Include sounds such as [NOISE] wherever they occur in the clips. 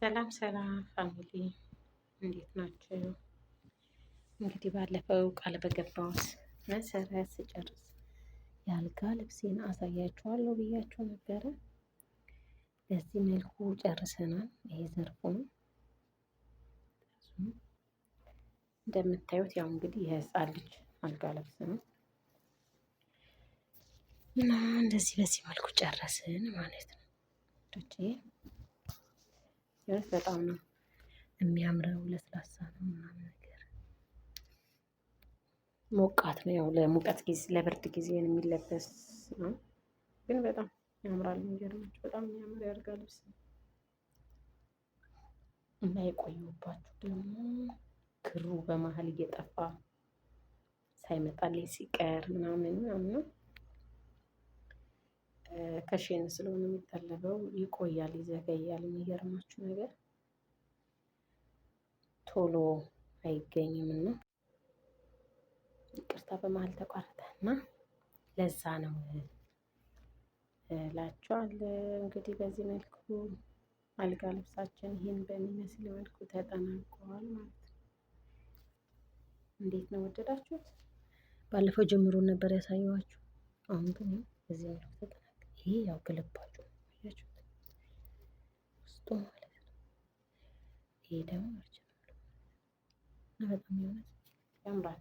ሰላም ሰላም ፋሚሊ እንዴት ናቸው? እንግዲህ ባለፈው ቃል በገባሁት መሰረት ስጨርስ የአልጋ ልብሴን አሳያችኋለሁ ብያችሁ ነበረ። በዚህ መልኩ ጨርሰናል። ይሄ ዘርፉ ነው። እንደምታዩት ያው እንግዲህ የህፃን ልጅ አልጋ ልብስ ነው እና እንደዚህ በዚህ መልኩ ጨረስን ማለት ነው። ሲሆንስ በጣም ነው የሚያምረው። ለስላሳ ነው ምናምን ነገር ሞቃት ነው ያው ለሙቀት ጊዜ ለብርድ ጊዜ የሚለበስ ነው፣ ግን በጣም ያምራል። የሚገርማችሁ በጣም የሚያምር ያርጋ ልብስ እና የቆየሁባችሁ ደግሞ ክሩ በመሀል እየጠፋ ሳይመጣልኝ ሲቀር ምናምን ምናምን ነው ከሼን ስለሆነ የሚጠለበው ይቆያል፣ ይዘገያል። የሚገርማችሁ ነገር ቶሎ አይገኝም እና ይቅርታ በመሀል ተቋረጠ እና ለዛ ነው እላችኋለሁ። እንግዲህ በዚህ መልኩ አልጋ ልብሳችን ይህን በሚመስል መልኩ ተጠናቀዋል ማለት ነው። እንዴት ነው ወደዳችሁት? ባለፈው ጀምሮ ነበር ያሳየኋችሁ። አሁን ግን በዚህ መልኩ ተጠናቋል። ይሄ ያው ግልባጩ ያችሁት ውስጡ ማለት ነው። ይሄ ደግሞ በጣም ያምራል።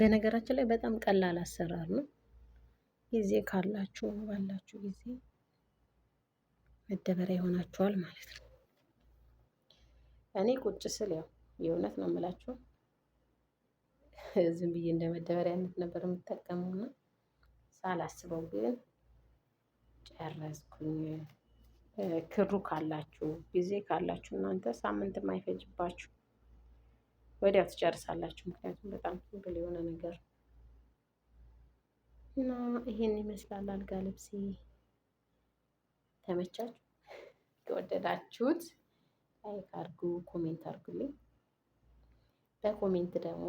በነገራችን ላይ በጣም ቀላል አሰራር ነው። ጊዜ ካላችሁ ባላችሁ ጊዜ መደበሪያ ይሆናችኋል ማለት ነው። እኔ ቁጭ ስል ያው የእውነት ነው የምላችሁ ዝም ብዬ እንደ መደበሪያነት ነበር የምጠቀመው እና ሳላስበው ግን ጨረስኩኝ። ክሩ ካላችሁ ጊዜ ካላችሁ እናንተ ሳምንት የማይፈጅባችሁ ወዲያው ትጨርሳላችሁ። ምክንያቱም በጣም ሲምፕል የሆነ ነገር እና ይሄን ይመስላል አልጋ ልብሴ። ተመቻችሁ? ከወደዳችሁት ላይክ ኮሜንት አርጉልኝ። በኮሜንት ደግሞ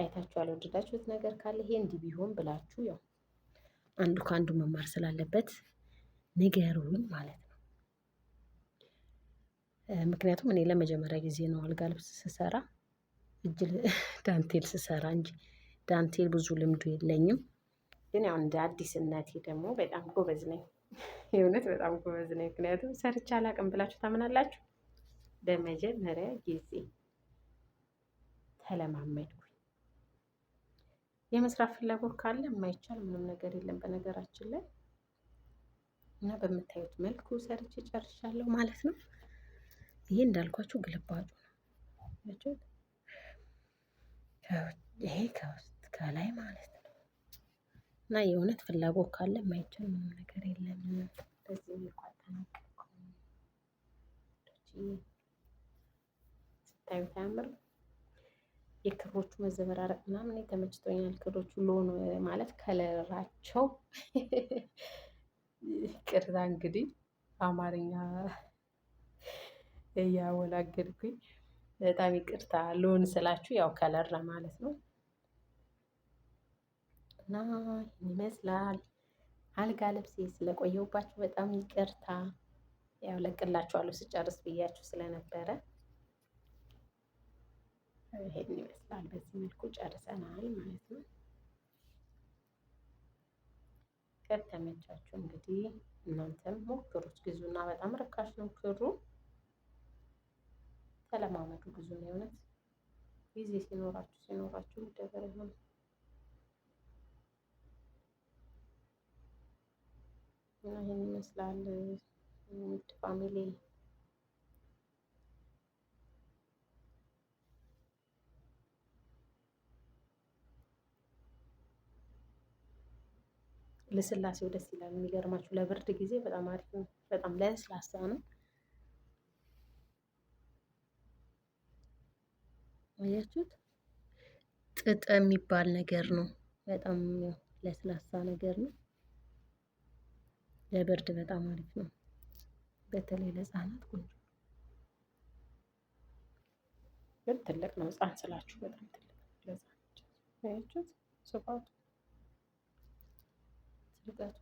አይታችሁ ያልወደዳችሁት ነገር ካለ ይሄ እንዲህ ቢሆን ብላችሁ ያው አንዱ ከአንዱ መማር ስላለበት ንገሩኝ ማለት ነው። ምክንያቱም እኔ ለመጀመሪያ ጊዜ ነው አልጋ ልብስ ስሰራ እጅ [LAUGHS] ዳንቴል ስሰራ እንጂ ዳንቴል ብዙ ልምዱ የለኝም። ግን ያው እንደ አዲስነቴ ደግሞ በጣም ጎበዝ ነኝ። የእውነት በጣም ጎበዝ ነው። ምክንያቱም ሰርቼ አላቅም ብላችሁ ታምናላችሁ። በመጀመሪያ ጊዜ ተለማመድኩኝ። የመስራት ፍላጎት ካለ የማይቻል ምንም ነገር የለም በነገራችን ላይ እና በምታዩት መልኩ ሰርቼ ጨርሻለሁ ማለት ነው። ይሄ እንዳልኳችሁ ግልባጩ ነው። ይሄ ከውስጥ ከላይ ማለት ነው። እና የእውነት ፍላጎት ካለ የማይቻል ምንም ነገር የለም። በዚህ መልኩ አጠናቀቅኩኝ። ስታዩት አያምርም? የክሮቹ መዘበራረቅ ምናምን ተመችቶኛል። ክሮቹ ሎን ማለት ከለራቸው ቅርታ እንግዲህ በአማርኛ እያወላገድኩኝ በጣም ይቅርታ። ሎን ስላችሁ ያው ከለር ለማለት ነው። እና ይመስላል አልጋ ልብሴ ስለቆየሁባችሁ በጣም ይቅርታ። ያው ለቅላችኋለሁ ስጨርስ ብያችሁ ስለነበረ ይሄን ይመስላል። በዚህ መልኩ ጨርሰናል ማለት ነው። ከተመቻችሁ እንግዲህ እናንተም ሞክሩት፣ ግዙና በጣም ርካሽ ነው ክሩ። ተለማመዱ፣ ግዙ ነው የእውነት ጊዜ ሲኖራችሁ ሲኖራችሁ ይደበር ይሆናል። እና ይህን ይመስላል ውድ ፋሚሊ ልስላሴው ደስ ይላል። የሚገርማችሁ ለብርድ ጊዜ በጣም አሪፍ ነው። በጣም ለስላሳ ነው። አያችሁት? ጥጥ የሚባል ነገር ነው። በጣም ለስላሳ ነገር ነው። ለብርድ በጣም አሪፍ ነው። በተለይ ለህፃናት ቆንጆ ግን ትልቅ ነው። ህፃን ስላችሁ በጣም ትልቅ ስፋቱ ስልጠቱ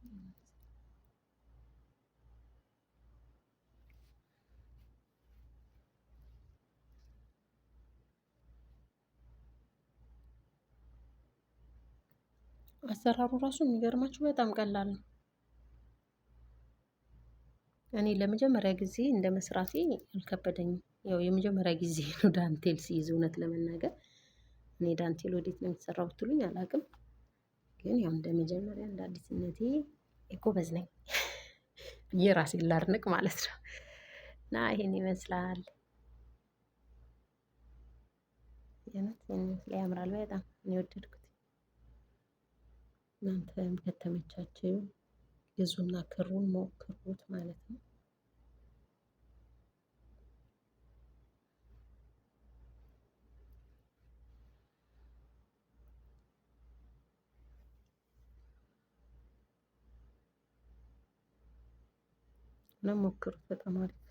አሰራሩ ራሱ የሚገርማችሁ በጣም ቀላል ነው። እኔ ለመጀመሪያ ጊዜ እንደ መስራቴ አልከበደኝም። ያው የመጀመሪያ ጊዜ [LAUGHS] ነው ዳንቴል ሲይዝ እውነት ለመናገር እኔ ዳንቴል ወዴት ነው የተሰራው ብትሉኝ አላውቅም። ግን ያው እንደ መጀመሪያ እንደ አዲስነቴ ጎበዝ ነኝ [LAUGHS] ራሴን ላድንቅ ማለት ነው። እና ይሄን ይመስላል ያምራል። በጣም እኔ ወደድኩት። እናንተ ከተመቻችሁ የዙና ክሩን ሞክሩት ማለት ነው። እና በጣም አሪፍ